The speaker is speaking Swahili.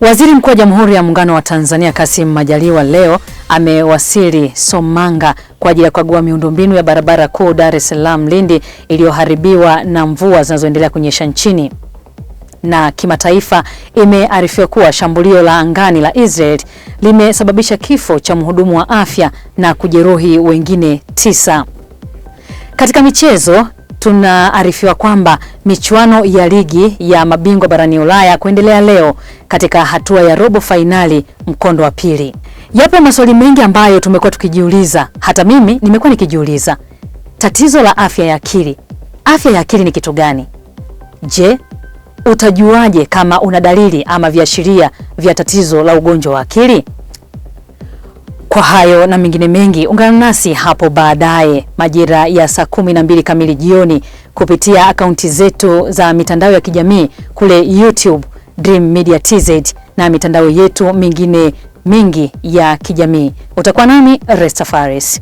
Waziri Mkuu wa Jamhuri ya Muungano wa Tanzania Kassim Majaliwa leo amewasili Somanga kwa ajili ya kukagua miundombinu ya barabara kuu Dar es Salaam Lindi iliyoharibiwa na mvua zinazoendelea kunyesha nchini. Na kimataifa, imearifiwa kuwa shambulio la angani la Israel limesababisha kifo cha mhudumu wa afya na kujeruhi wengine tisa. Katika michezo, tunaarifiwa kwamba michuano ya ligi ya mabingwa barani Ulaya kuendelea leo katika hatua ya robo fainali mkondo wa pili. Yapo maswali mengi ambayo tumekuwa tukijiuliza, hata mimi nimekuwa nikijiuliza. Tatizo la afya ya akili, afya ya akili ni kitu gani? Je, utajuaje kama una dalili ama viashiria vya tatizo la ugonjwa wa akili? Kwa hayo na mengine mengi, ungana nasi hapo baadaye majira ya saa kumi na mbili kamili jioni kupitia akaunti zetu za mitandao ya kijamii kule YouTube Dream Media TZ na mitandao yetu mingine mingi ya kijamii. Utakuwa nami Resta Faris.